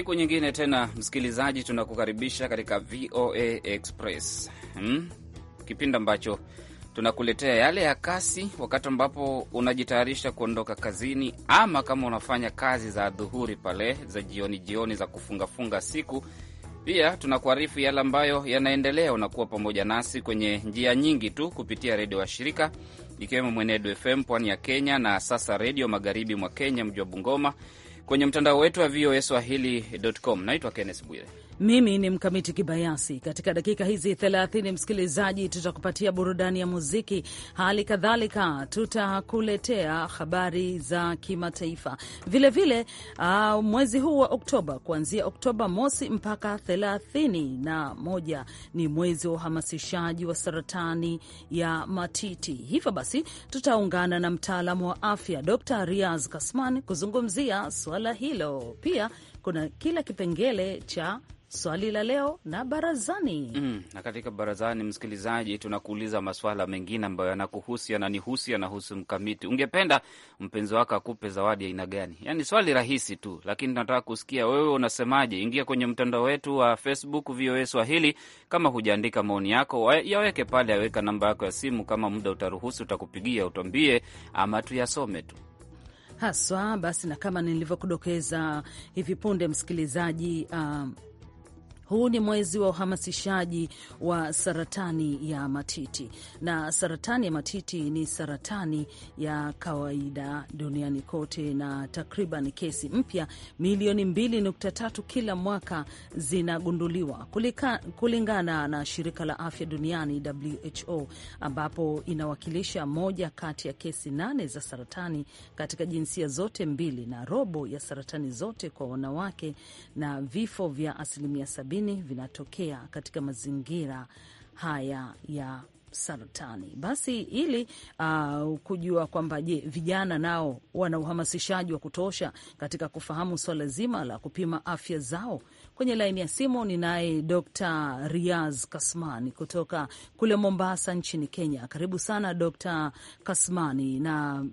Siku nyingine tena, msikilizaji, tunakukaribisha katika VOA Express hmm? kipindi ambacho tunakuletea yale ya kasi wakati ambapo unajitayarisha kuondoka kazini, ama kama unafanya kazi za dhuhuri pale za jioni jioni za kufungafunga siku. Pia tunakuarifu yale ambayo yanaendelea. Unakuwa pamoja nasi kwenye njia nyingi tu kupitia redio wa shirika ikiwemo Mwenedu FM pwani ya Kenya na sasa redio magharibi mwa Kenya, mji wa Bungoma kwenye mtandao wetu wa voa swahili.com. Naitwa Kenneth Bwire. Mimi ni Mkamiti Kibayasi. Katika dakika hizi 30, msikilizaji, tutakupatia burudani ya muziki, hali kadhalika tutakuletea habari za kimataifa vilevile. Uh, ah, mwezi huu wa Oktoba, kuanzia Oktoba mosi mpaka 3 na moja ni mwezi wa uhamasishaji wa saratani ya matiti. Hivyo basi, tutaungana na mtaalamu wa afya Dr. Riaz Kasman kuzungumzia suala hilo. Pia kuna kila kipengele cha swali la leo na barazani. Mm, na katika barazani, msikilizaji, tunakuuliza maswala mengine ambayo yanakuhusu, yananihusu, yanahusu Mkamiti. Ungependa mpenzi wako akupe zawadi aina gani? Yaani swali rahisi tu, lakini nataka kusikia wewe unasemaje. Ingia kwenye mtandao wetu wa Facebook VOA Swahili. Kama hujaandika maoni yako, yaweke pale, aweka namba yako ya simu. Kama muda utaruhusu, utakupigia utwambie, ama tuyasome tu haswa. Basi, na kama nilivyokudokeza hivi punde, msikilizaji um, huu ni mwezi wa uhamasishaji wa saratani ya matiti, na saratani ya matiti ni saratani ya kawaida duniani kote, na takriban kesi mpya milioni 2.3 kila mwaka zinagunduliwa kulingana na shirika la afya duniani WHO, ambapo inawakilisha moja kati ya kesi nane za saratani katika jinsia zote mbili na robo ya saratani zote kwa wanawake na vifo vya asilimia sabini ishirini vinatokea katika mazingira haya ya saratani. Basi ili uh, kujua kwamba je, vijana nao wana uhamasishaji wa kutosha katika kufahamu swala zima la kupima afya zao, kwenye laini ya simu ninaye Dr. Riaz Kasmani kutoka kule Mombasa nchini Kenya. Karibu sana Dr. Kasmani na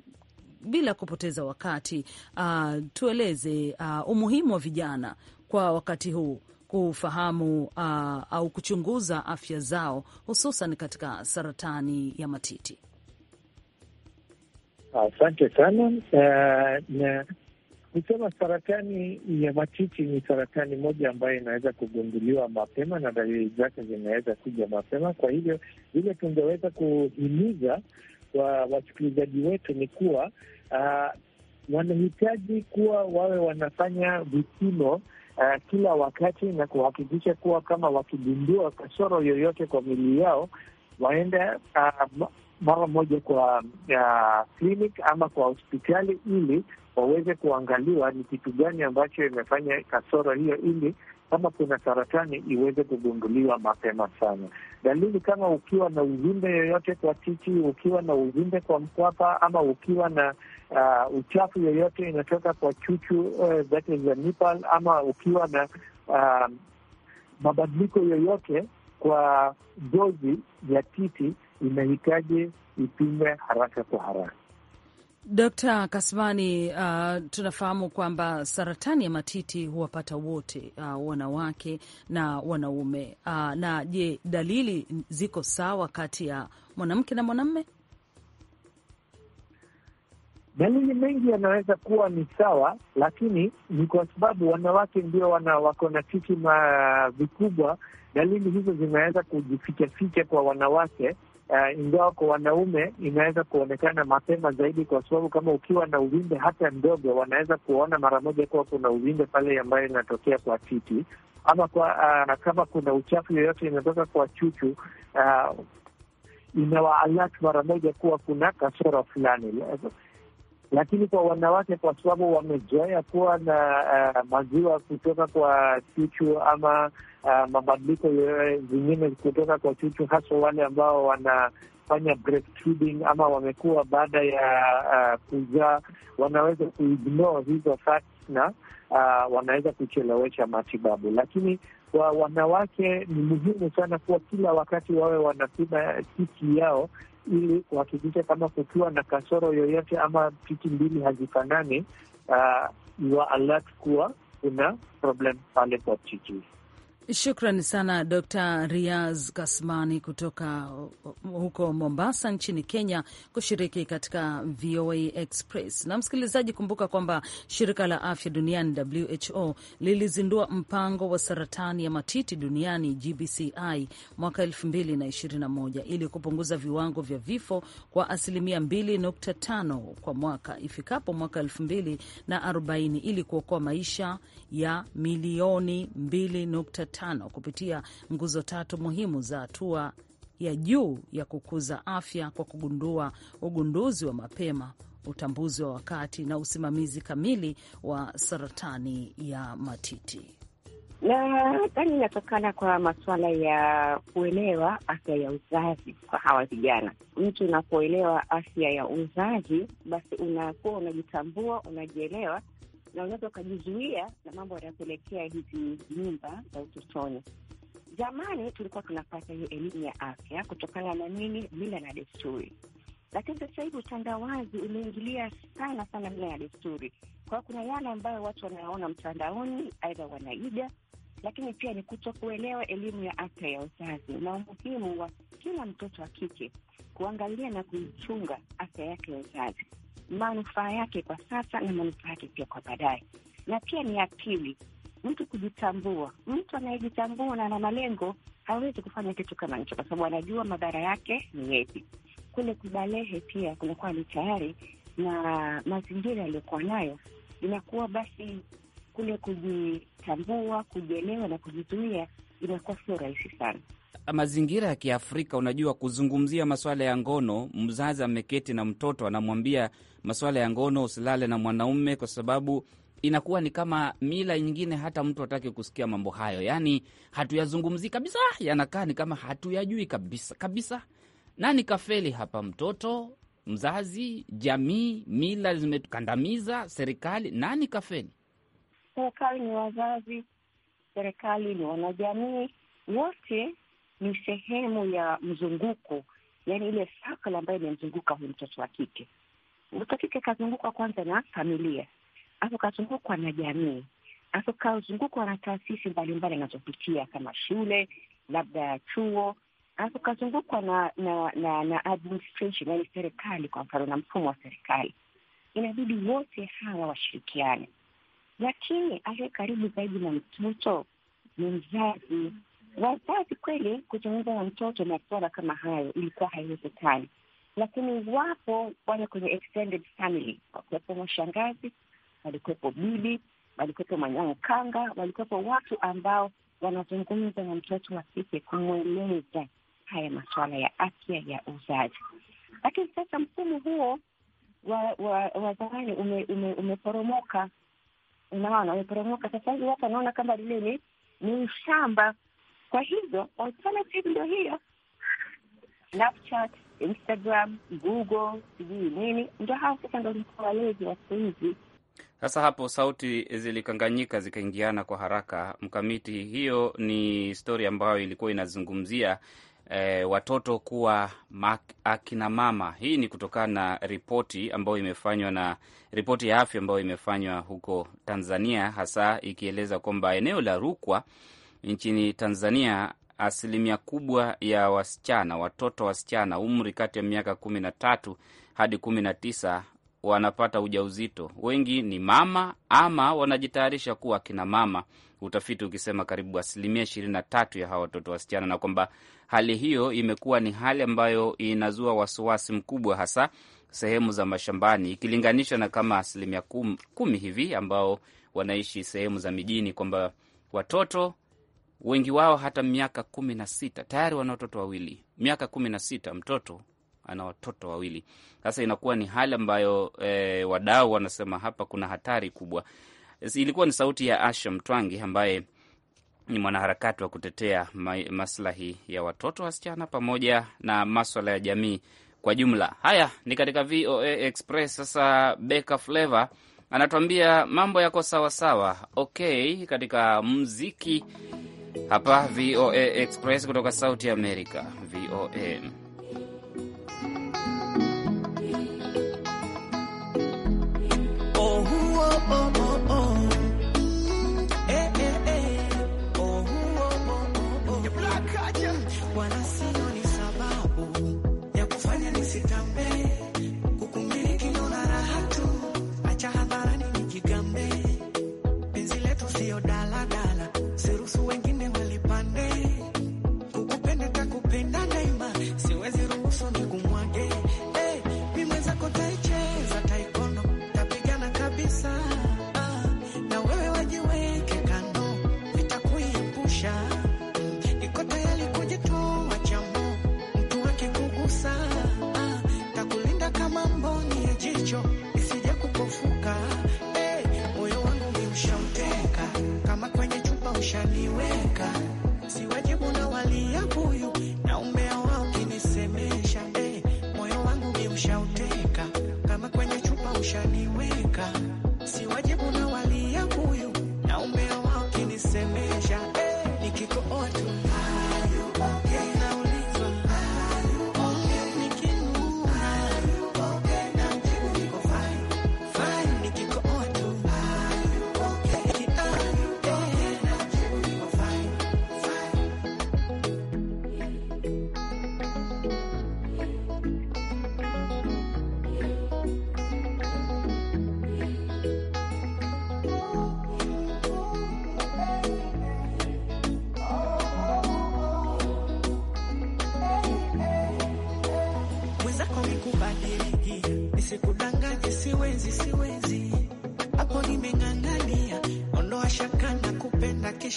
bila kupoteza wakati uh, tueleze uh, umuhimu wa vijana kwa wakati huu kufahamu uh, au kuchunguza afya zao hususan katika saratani ya matiti? Asante sana. Uh, na Kusema saratani ya matiti ni saratani moja ambayo inaweza kugunduliwa mapema na dalili zake zinaweza kuja mapema. Kwa hivyo vile tungeweza kuhimiza wa wasikilizaji wetu ni kuwa uh, wanahitaji kuwa wawe wanafanya vipimo uh, kila wakati na kuhakikisha kuwa kama wakigundua kasoro yoyote kwa mili yao waenda ah, uh, mara moja kwa uh, ama kwa hospitali ili waweze kuangaliwa ni kitu gani ambacho imefanya kasoro hiyo, ili kama kuna saratani iweze kugunduliwa mapema sana. Dalili kama ukiwa na uvimbe yoyote kwa titi, ukiwa na uvimbe kwa mkwapa, ama ukiwa na uh, uchafu yoyote inatoka kwa chuchu uh, zake za nipal, ama ukiwa na uh, mabadiliko yoyote kwa ngozi ya titi, inahitaji ipimwe haraka kwa haraka. Dkt. Kasmani, uh, tunafahamu kwamba saratani ya matiti huwapata wote, uh, wanawake na wanaume. Uh, na je, dalili ziko sawa kati ya mwanamke na mwanamme? Dalili mengi yanaweza kuwa ni sawa, lakini ni kwa sababu wanawake ndio wana wako na titi vikubwa, dalili hizo zinaweza kujifichaficha kwa wanawake uh, ingawa kwa wanaume inaweza kuonekana mapema zaidi, kwa sababu kama ukiwa na uvimbe hata mdogo, wanaweza kuona mara moja kuwa kuna uvimbe pale ambayo inatokea kwa titi ama kwa, uh, kama kuna uchafu yoyote inatoka kwa chuchu uh, eh, inawaalert mara moja kuwa kuna kasoro fulani lakini kwa wanawake, kwa sababu wamezoea kuwa na uh, maziwa kutoka kwa chuchu ama uh, mabadiliko zingine kutoka kwa chuchu, haswa wale ambao wanafanya breastfeeding ama wamekuwa baada ya uh, kuzaa, wanaweza kuignore hizo facts na uh, wanaweza kuchelewesha matibabu, lakini wa wanawake ni muhimu sana kuwa kila wakati wawe wanapima titi yao ili kuhakikisha kama kukiwa na kasoro yoyote ama titi mbili hazifanani, uh, kuwa kuna problem pale kwa titi. Shukrani sana Dr Riaz Kasmani kutoka huko Mombasa nchini Kenya kushiriki katika VOA Express. Na msikilizaji, kumbuka kwamba shirika la afya duniani WHO lilizindua mpango wa saratani ya matiti duniani GBCI mwaka 2021 ili kupunguza viwango vya vifo kwa asilimia 2.5 kwa mwaka ifikapo mwaka 2040 ili kuokoa maisha ya milioni 2 tano kupitia nguzo tatu muhimu za hatua ya juu ya kukuza afya kwa kugundua ugunduzi wa mapema utambuzi wa wakati na usimamizi kamili wa saratani ya matiti. Nadhani inatokana kwa masuala ya kuelewa afya ya uzazi kwa hawa vijana. Mtu unapoelewa afya ya uzazi, basi unakuwa unajitambua, unajielewa na unaweza ukajizuia na mambo yanayopelekea hizi nyumba za utotoni. Zamani tulikuwa tunapata hiyo elimu ya afya kutokana na nini? Mila na desturi. Lakini sasa hivi utandawazi umeingilia sana sana mila na desturi. Kwa hiyo kuna yale ambayo watu wanayaona mtandaoni, aidha wanaiga, lakini pia ni kuto kuelewa elimu ya afya ya uzazi na umuhimu wa kila mtoto wa kike kuangalia na kuichunga afya yake ya uzazi manufaa yake kwa sasa na manufaa yake pia kwa baadaye. Na pia ni akili mtu kujitambua. Mtu anayejitambua na ana malengo hawezi kufanya kitu kama hicho, kwa sababu anajua madhara yake ni yepi. Kule kubalehe pia kunakuwa ni tayari na mazingira yaliyokuwa nayo, inakuwa basi kule kujitambua, kujielewa na kujizuia inakuwa sio rahisi sana mazingira ya Kiafrika, unajua kuzungumzia maswala ya ngono, mzazi ameketi na mtoto anamwambia maswala ya ngono, usilale na mwanaume, kwa sababu inakuwa ni kama mila nyingine, hata mtu hataki kusikia mambo hayo. Yani hatuyazungumzii kabisa, yanakaa ni kama hatuyajui kabisa kabisa. Nani kafeli hapa? Mtoto, mzazi, jamii? Mila zimetukandamiza, serikali. Nani kafeli? Serikali ni wazazi, serikali ni wanajamii, wote ni sehemu ya mzunguko, yani ile sakal ambayo imemzunguka huyu mtoto wa kike. Mtoto wa kike akazungukwa kwanza na familia, alafu kazungukwa na jamii, alafu kazungukwa na taasisi mbalimbali anazopitia kama shule, labda ya chuo, alafu kazungukwa na na, na, na administration, yani serikali, kwa mfano na mfumo wa serikali. Inabidi wote hawa washirikiane, lakini aliye karibu zaidi na mtoto ni mzazi Wazazi kweli, kuzungumza na mtoto masuala kama hayo ilikuwa haiwezekani, lakini wapo wale kwenye extended family, wakiwepo mashangazi, walikuwepo bibi, walikuwepo manyamkanga, walikuwepo watu ambao wanazungumza na mtoto wa kike kumweleza haya masuala ya afya ya uzazi. Lakini sasa mfumo huo wa wa, zamani ume, ume, umeporomoka, unaona umeporomoka. Sasa hivi watu wanaona kama lile ni ni ushamba kwa hivyo alternative ndio hiyo, Snapchat, Instagram, Google, sijui nini, ndio hao sasa ndo wa siku hizi. Sasa hapo sauti zilikanganyika zikaingiana kwa haraka. Mkamiti, hiyo ni stori ambayo ilikuwa inazungumzia eh, watoto kuwa akina mama. Hii ni kutokana na ripoti ambayo imefanywa na ripoti ya afya ambayo imefanywa huko Tanzania, hasa ikieleza kwamba eneo la Rukwa nchini Tanzania asilimia kubwa ya wasichana, watoto wasichana umri kati ya miaka kumi na tatu hadi kumi na tisa wanapata ujauzito. Wengi ni mama ama wanajitayarisha kuwa akina mama, utafiti ukisema karibu asilimia ishirini na tatu ya hawa watoto wasichana, na kwamba hali hiyo imekuwa ni hali ambayo inazua wasiwasi mkubwa, hasa sehemu za mashambani, ikilinganisha na kama asilimia kumi hivi ambao wanaishi sehemu za mijini, kwamba watoto wengi wao hata miaka kumi na sita tayari wana watoto wawili. Miaka kumi na sita mtoto ana watoto wawili. Sasa inakuwa ni hali ambayo e, wadau wanasema hapa kuna hatari kubwa. Ilikuwa ni sauti ya Asha Mtwangi ambaye ni mwanaharakati wa kutetea maslahi ya watoto wasichana pamoja na maswala ya jamii kwa jumla. Haya ni katika VOA Express. Sasa Beka Fleva anatuambia mambo yako sawasawa, ok, katika mziki hapa VOA Express kutoka Sauti america Amerika, VOA. sio ni sababu ya kufanya nisitambee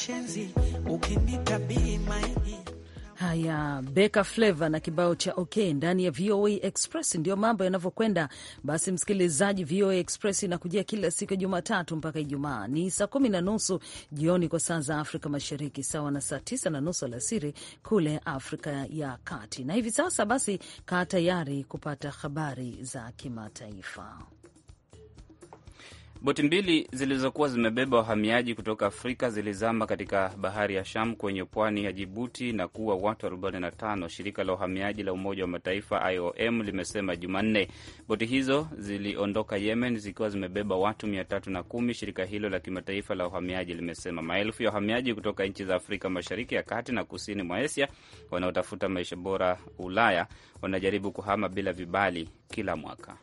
kishenzi Haya, Beka Fleva na kibao cha OK ndani ya VOA Express. Ndiyo mambo yanavyokwenda. Basi msikilizaji, VOA Express inakujia kila siku ya Jumatatu mpaka Ijumaa, ni saa kumi na nusu jioni kwa saa za Afrika Mashariki, sawa na saa tisa na nusu alasiri kule Afrika ya Kati. Na hivi sasa basi, kaa tayari kupata habari za kimataifa. Boti mbili zilizokuwa zimebeba wahamiaji kutoka Afrika zilizama katika bahari ya Sham kwenye pwani ya Jibuti na kuwa watu 45, shirika la uhamiaji la Umoja wa Mataifa IOM limesema Jumanne. Boti hizo ziliondoka Yemen zikiwa zimebeba watu 310, shirika hilo la kimataifa la uhamiaji limesema. Maelfu ya wahamiaji kutoka nchi za Afrika Mashariki, ya Kati na kusini mwa Asia wanaotafuta maisha bora Ulaya wanajaribu kuhama bila vibali kila mwaka.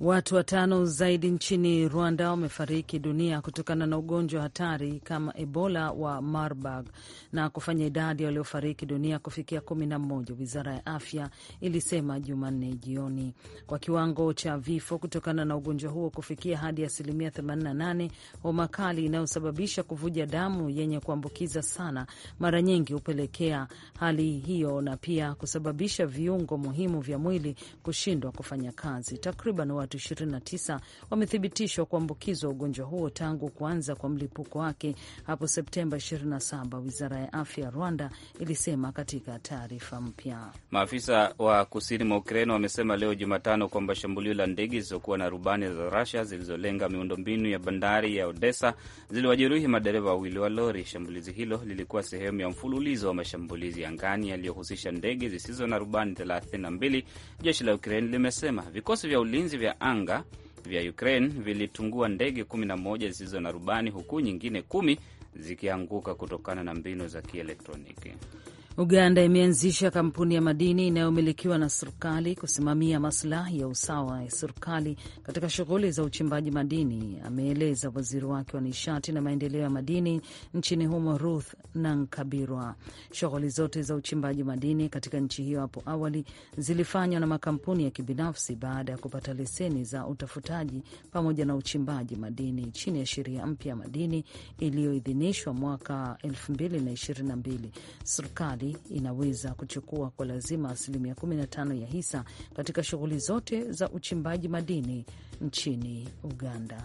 Watu watano zaidi nchini Rwanda wamefariki dunia kutokana na ugonjwa hatari kama Ebola wa Marburg na kufanya idadi waliofariki dunia kufikia kumi na mmoja, wizara ya afya ilisema Jumanne jioni, kwa kiwango cha vifo kutokana na ugonjwa huo kufikia hadi asilimia 88. Homa kali inayosababisha kuvuja damu yenye kuambukiza sana mara nyingi hupelekea hali hiyo na pia kusababisha viungo muhimu vya mwili kushindwa kufanya kazi. Takriban watu 29 wamethibitishwa kuambukizwa ugonjwa huo tangu kuanza kwa mlipuko wake hapo Septemba 27, wizara ya afya ya Rwanda ilisema katika taarifa mpya. Maafisa wa kusini mwa Ukraine wamesema leo Jumatano kwamba shambulio la ndege zilizokuwa na rubani za Russia zilizolenga miundombinu ya bandari ya Odessa ziliwajeruhi madereva wawili wa lori. Shambulizi hilo lilikuwa sehemu ya mfululizo wa mashambulizi angani yaliyohusisha ndege zisizo na rubani 32, jeshi la Ukraine limesema. Vikosi vya ulinzi vya anga vya Ukraine vilitungua ndege 11 zisizo na rubani huku nyingine kumi zikianguka kutokana na mbinu za kielektroniki. Uganda imeanzisha kampuni ya madini inayomilikiwa na serikali kusimamia maslahi ya usawa ya serikali katika shughuli za uchimbaji madini, ameeleza waziri wake wa nishati na maendeleo ya madini nchini humo Ruth Nankabirwa. Shughuli zote za uchimbaji madini katika nchi hiyo hapo awali zilifanywa na makampuni ya kibinafsi baada ya kupata leseni za utafutaji pamoja na uchimbaji madini chini ya sheria mpya ya madini iliyoidhinishwa mwaka 2022. Serikali inaweza kuchukua kwa lazima asilimia 15 ya hisa katika shughuli zote za uchimbaji madini nchini Uganda.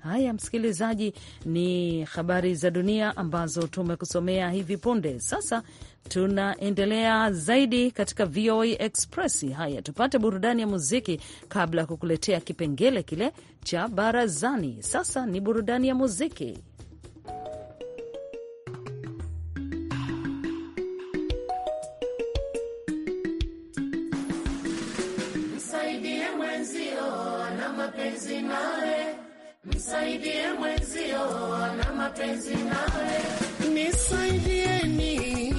Haya, msikilizaji, ni habari za dunia ambazo tumekusomea hivi punde. Sasa tunaendelea zaidi katika VOA Express. Haya, tupate burudani ya muziki kabla ya kukuletea kipengele kile cha barazani. Sasa ni burudani ya muziki. mapenzi nawe, msaidie mwenzio ana mapenzi nawe, nisaidieni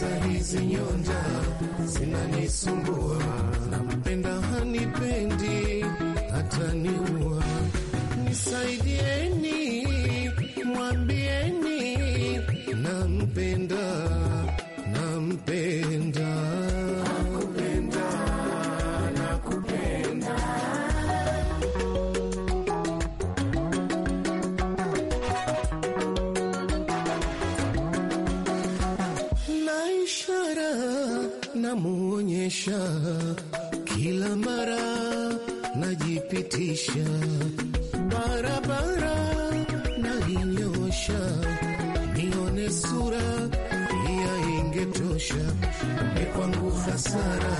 Sasa hizi nyonja zinanisumbua, nampenda hanipendi, hata niua. Nisaidieni, mwambieni nampenda naitisha barabara nainyosha, nione sura iya ingetosha, mekwangu hasara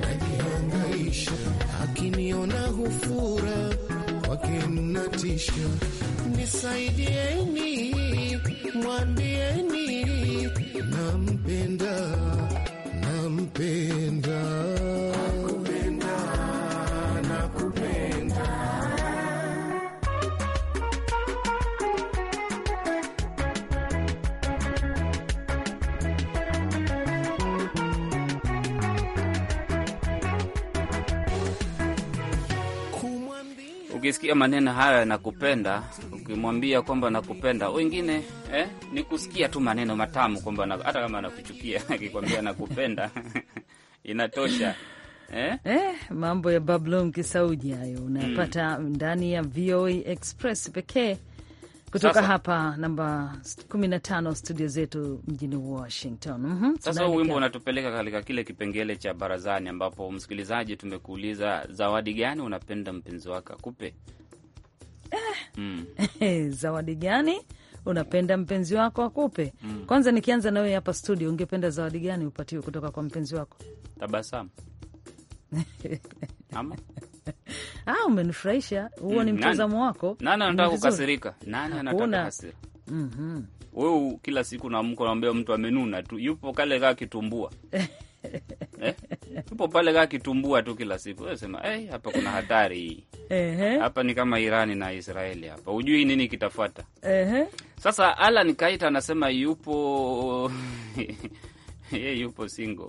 najihangaisha, akiniona hufura wake mnatisha, nisaidieni, mwambieni nampenda, nampenda ukisikia maneno hayo nakupenda, ukimwambia kwamba nakupenda, wengine eh, ni kusikia tu maneno matamu kwamba hata kama anakuchukia akikwambia nakupenda inatosha. Eh? Eh, mambo ya Bablo Kisauji hayo unayapata mm, ndani ya VOA Express pekee kutoka sasa hapa namba 15 studio zetu mjini Washington. mm -hmm. Sasa huu wimbo unatupeleka katika kile kipengele cha barazani, ambapo msikilizaji, tumekuuliza zawadi gani unapenda mpenzi wako akupe? eh. mm. zawadi gani unapenda mpenzi wako akupe? mm. Kwanza nikianza na wewe hapa studio, ungependa zawadi gani upatiwe kutoka kwa mpenzi wako? Tabasamu ama Ah, umenifurahisha. Huo ni mm, mtazamo wako. Nani anataka kukasirika? Nani anataka hasira? Mhm. Wewe kila siku namka naambia mtu amenuna tu, yupo kale kaa kitumbua eh? Yupo pale kaa kitumbua tu kila siku. Wewe sema eh, hapa kuna hatari hii hapa ni kama Irani na Israeli hapa, hujui nini kitafuata. Sasa Alan Kaita anasema yupo ye yupo single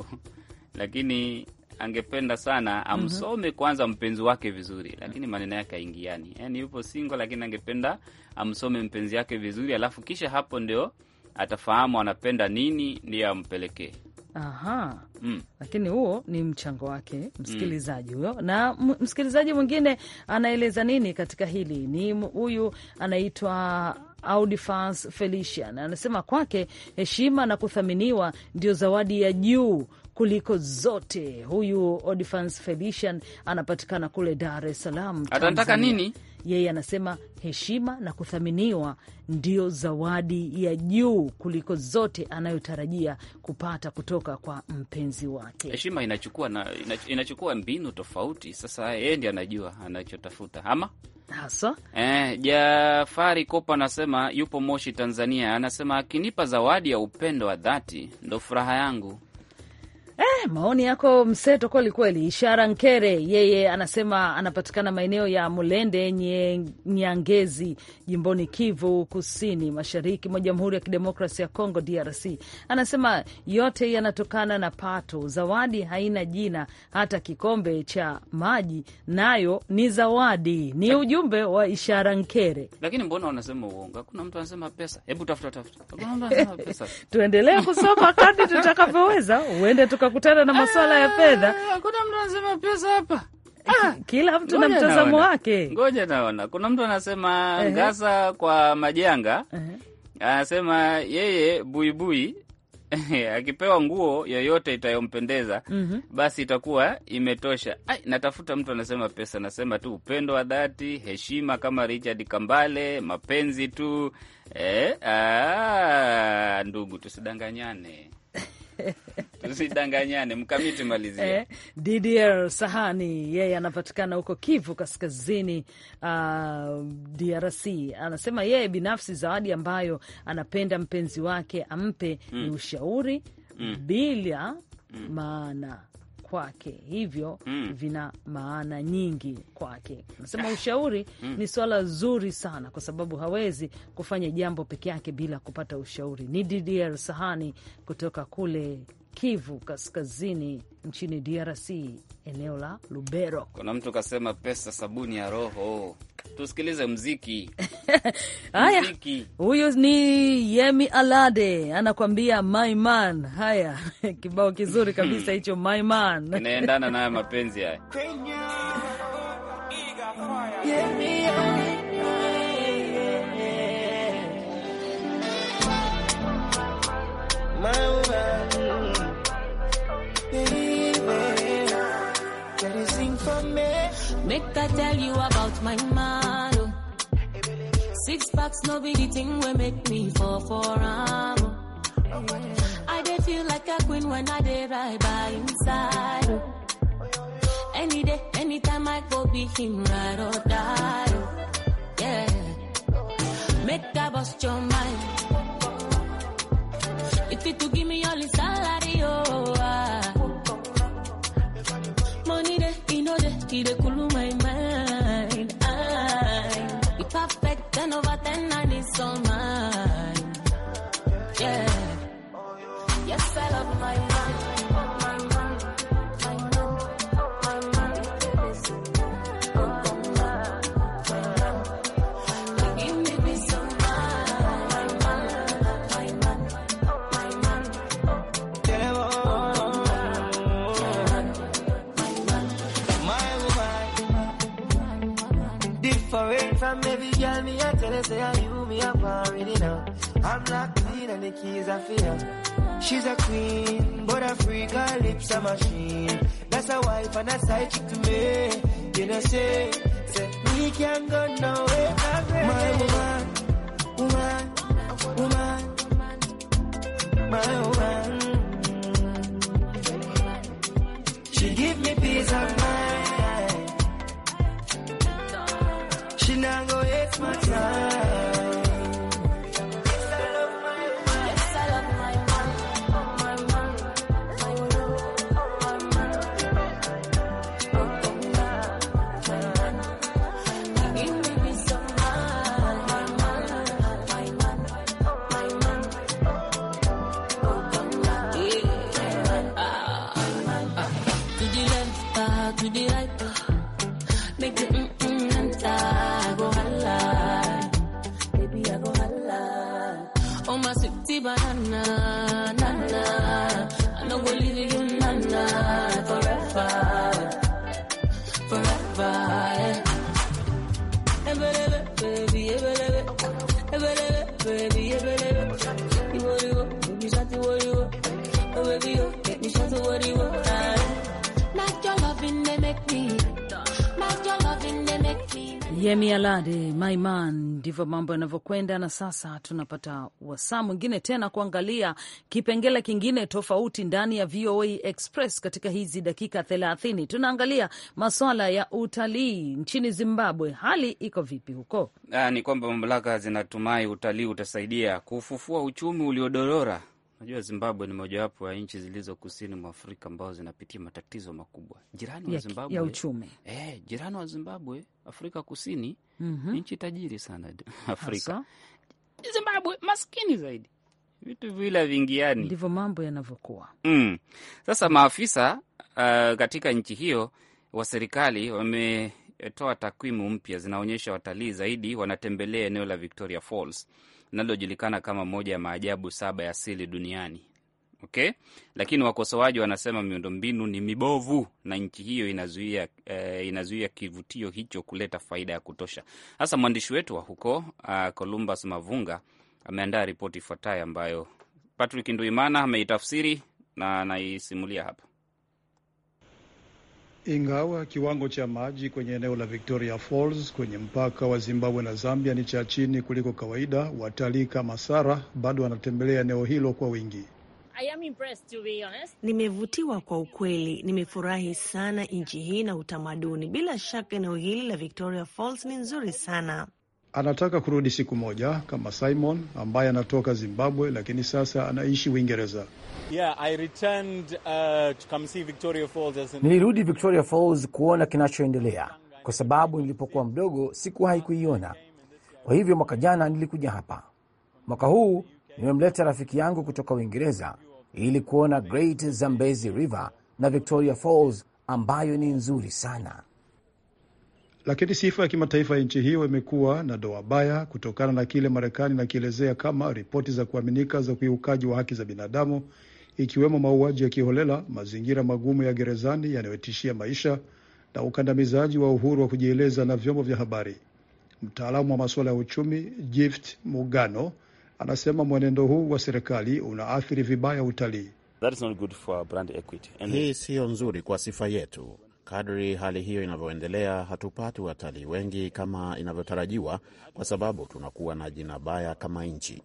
lakini angependa sana amsome mhm. kwanza mpenzi wake vizuri, lakini maneno yake haingiani. Yani yupo single, lakini angependa amsome mpenzi yake vizuri, alafu kisha hapo ndio atafahamu anapenda nini, ndiyo ampelekee. Aha. Mm. Lakini huo ni mchango wake mm. msikilizaji huyo. Mm. Na msikilizaji mwingine anaeleza nini katika hili? Ni huyu anaitwa Audifans Felician anasema kwake heshima na kuthaminiwa ndio zawadi ya juu kuliko zote. Huyu Odifans Felician anapatikana kule Dar es Salaam. Atanataka nini? Yeye anasema heshima na kuthaminiwa ndio zawadi ya juu kuliko zote anayotarajia kupata kutoka kwa mpenzi wake. Heshima inachukua, na, inachukua mbinu tofauti. Sasa yeye ndio anajua anachotafuta ama hasa. Eh, Jafari Kopa anasema yupo Moshi, Tanzania, anasema akinipa zawadi ya upendo wa dhati ndo furaha yangu. Eh, maoni yako mseto kweli kweli. Ishara Nkere yeye anasema anapatikana maeneo ya Mulende nye, Nyangezi jimboni Kivu Kusini mashariki mwa Jamhuri ya Kidemokrasi ya congo DRC. Anasema yote yanatokana na pato. Zawadi haina jina, hata kikombe cha maji nayo ni zawadi. Ni ujumbe wa Ishara Nkere. Lakini mbona wanasema uonga? Kuna mtu anasema pesa. Hebu tafuta tafuta. Tuendelee kusoma kadi tutakavyoweza, uende tuka tukakutana na maswala ya fedha. Ah, kuna mtu anasema pesa hapa. Eh, ah, kila mtu na mtazamo wake. Ngoja naona kuna mtu anasema ngasa kwa majanga Anasema yeye buibui akipewa nguo yoyote itayompendeza mm -hmm. Basi itakuwa imetosha. Ay, natafuta mtu anasema pesa, nasema tu upendo wa dhati, heshima kama Richard Kambale, mapenzi tu eh, aa, ah, ndugu tusidanganyane Tusidanganyane, mkamiti malizia. Eh, DDR Sahani yeye anapatikana huko Kivu Kaskazini, uh, ah, DRC. Anasema yeye binafsi zawadi ambayo anapenda mpenzi wake ampe mm. ni ushauri mm. bila mm. maana kwake hivyo mm. vina maana nyingi kwake. Nasema ah. ushauri mm. ni swala zuri sana, kwa sababu hawezi kufanya jambo peke yake bila kupata ushauri. Ni Didier Sahani kutoka kule Kivu Kaskazini nchini DRC, eneo la Lubero. Kuna mtu kasema pesa sabuni ya roho. Tusikilize mziki. Haya, huyu ni Yemi Alade anakwambia my man. Haya, kibao kizuri kabisa hicho my man, inaendana nayo mapenzi haya tell you about my man. Six packs, no be the thing will make me fall for him. I dey feel like a queen when I dey ride by inside. Any day, anytime I go be him, ride or die. Yeah, make that bust your mind. If you to give me all his salary, oh, ah. money dey, he know dey, he dey cool. keys, I feel. She's a queen, but a freak, her lips a machine. That's a wife and a side chick to me. You know, say, say, we can't go nowhere. My woman. ndivyo mambo yanavyokwenda, na sasa tunapata wasaa mwingine tena kuangalia kipengele kingine tofauti ndani ya VOA Express. Katika hizi dakika thelathini tunaangalia maswala ya utalii nchini Zimbabwe. Hali iko vipi huko? Aa, ah, ni kwamba mamlaka zinatumai utalii utasaidia kufufua uchumi uliodorora Unajua, Zimbabwe ni mojawapo ya nchi zilizo kusini mwa Afrika ambazo zinapitia matatizo makubwa. Jirani wa Zimbabwe ya uchumi eh, jirani wa Zimbabwe Afrika Kusini mm -hmm. nchi tajiri sana Afrika Asa. Zimbabwe maskini zaidi, vitu vile vingiani, ndivyo mambo yanavyokuwa mm. Sasa maafisa uh, katika nchi hiyo wa serikali wametoa takwimu mpya zinaonyesha watalii zaidi wanatembelea eneo la Victoria Falls linalojulikana kama moja ya maajabu saba ya asili duniani. Okay, lakini wakosoaji wanasema miundombinu ni mibovu na nchi hiyo inazuia, eh, inazuia kivutio hicho kuleta faida ya kutosha. Hasa mwandishi wetu wa huko uh, Columbus Mavunga ameandaa ripoti ifuatayo ambayo Patrick Nduimana ameitafsiri na anaisimulia hapa. Ingawa kiwango cha maji kwenye eneo la Victoria Falls kwenye mpaka wa Zimbabwe na Zambia ni cha chini kuliko kawaida, watalii kama Sara bado wanatembelea eneo hilo kwa wingi. I am impressed, to be honest. Nimevutiwa kwa ukweli, nimefurahi sana nchi hii na utamaduni. Bila shaka eneo hili la Victoria Falls ni nzuri sana. Anataka kurudi siku moja kama Simon ambaye anatoka Zimbabwe lakini sasa anaishi Uingereza. Yeah, uh, Victoria Falls. Nilirudi Victoria Falls kuona kinachoendelea kwa sababu nilipokuwa mdogo sikuwahi kuiona. Kwa hivyo mwaka jana nilikuja hapa. Mwaka huu nimemleta rafiki yangu kutoka Uingereza ili kuona Great Zambezi River na Victoria Falls ambayo ni nzuri sana lakini sifa ya kimataifa ya nchi hiyo imekuwa na doa baya kutokana na kile Marekani inakielezea kama ripoti za kuaminika za ukiukaji wa haki za binadamu, ikiwemo mauaji ya kiholela, mazingira magumu ya gerezani yanayotishia maisha na ukandamizaji wa uhuru wa kujieleza na vyombo vya habari. Mtaalamu wa masuala ya uchumi Gift Mugano anasema mwenendo huu wa serikali unaathiri vibaya utalii. Hii siyo nzuri kwa sifa yetu Kadri hali hiyo inavyoendelea, hatupati watalii wengi kama inavyotarajiwa, kwa sababu tunakuwa na jina baya kama nchi.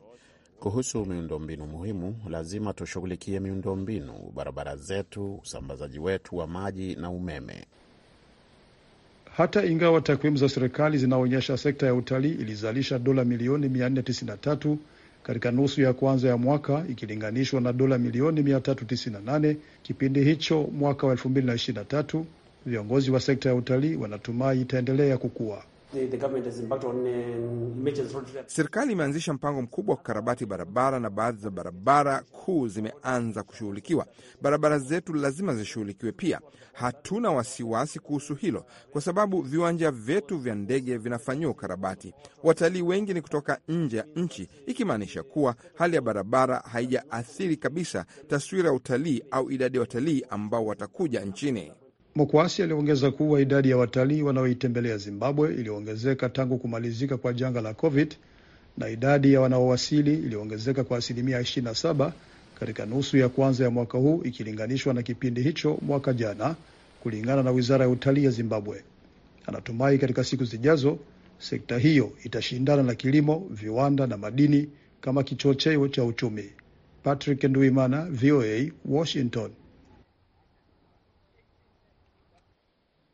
Kuhusu miundombinu muhimu, lazima tushughulikie miundombinu, barabara zetu, usambazaji wetu wa maji na umeme. Hata ingawa takwimu za serikali zinaonyesha sekta ya utalii ilizalisha dola milioni 493 katika nusu ya kwanza ya mwaka ikilinganishwa na dola milioni 398 kipindi hicho mwaka wa Viongozi wa sekta ya utalii wanatumai itaendelea kukua. Uh, Serikali imeanzisha mpango mkubwa wa kukarabati barabara na baadhi za barabara kuu zimeanza kushughulikiwa. Barabara zetu lazima zishughulikiwe pia. Hatuna wasiwasi kuhusu hilo, kwa sababu viwanja vyetu vya ndege vinafanyiwa ukarabati. Watalii wengi ni kutoka nje ya nchi, ikimaanisha kuwa hali ya barabara haijaathiri kabisa taswira ya utalii au idadi ya watalii ambao watakuja nchini. Mokwasi aliongeza kuwa idadi ya watalii wanaoitembelea Zimbabwe iliongezeka tangu kumalizika kwa janga la COVID na idadi ya wanaowasili iliongezeka kwa asilimia 27 katika nusu ya kwanza ya mwaka huu ikilinganishwa na kipindi hicho mwaka jana, kulingana na wizara ya utalii ya Zimbabwe. Anatumai katika siku zijazo sekta hiyo itashindana na kilimo, viwanda na madini kama kichocheo cha uchumi. Patrick Nduimana, VOA, Washington.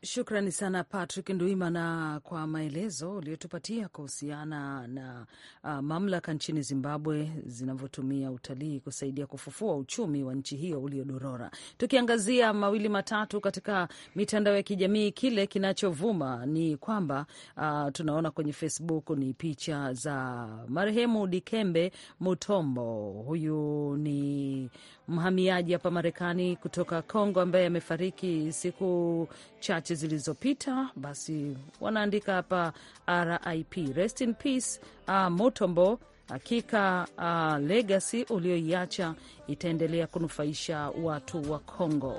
Shukrani sana Patrick Nduimana kwa maelezo uliyotupatia kuhusiana na uh, mamlaka nchini Zimbabwe zinavyotumia utalii kusaidia kufufua uchumi wa nchi hiyo uliodorora. Tukiangazia mawili matatu katika mitandao ya kijamii, kile kinachovuma ni kwamba uh, tunaona kwenye Facebook ni picha za marehemu Dikembe Mutombo. Huyu ni mhamiaji hapa Marekani kutoka Kongo ambaye amefariki siku chache chache zilizopita. Basi wanaandika hapa RIP, rest in peace, uh, Motombo. Hakika uh, legacy ulioiacha itaendelea kunufaisha watu wa congo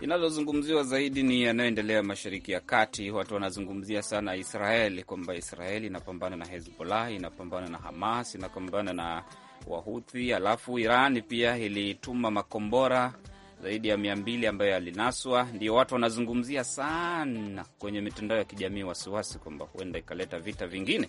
inazozungumziwa zaidi ni yanayoendelea Mashariki ya Kati. Watu wanazungumzia sana Israeli, kwamba Israeli inapambana na Hezbollah, inapambana na Hamas, inapambana na Wahuthi. Alafu Iran pia ilituma makombora zaidi ya mia mbili ambayo yalinaswa. Ndio watu wanazungumzia sana kwenye mitandao ya kijamii, wasiwasi kwamba huenda ikaleta vita vingine.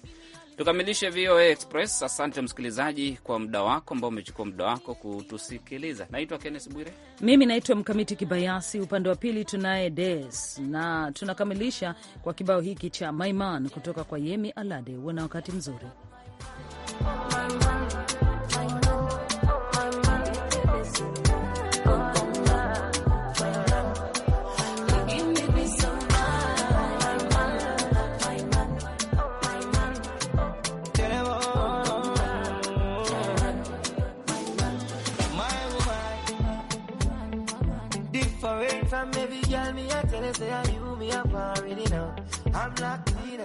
Tukamilishe VOA Express. Asante msikilizaji kwa muda wako ambao umechukua muda wako kutusikiliza. Naitwa Kennes Bwire, mimi naitwa Mkamiti Kibayasi, upande wa pili tunaye Des na tunakamilisha kwa kibao hiki cha Maiman kutoka kwa Yemi Alade. Huwe na wakati mzuri. I'm not clean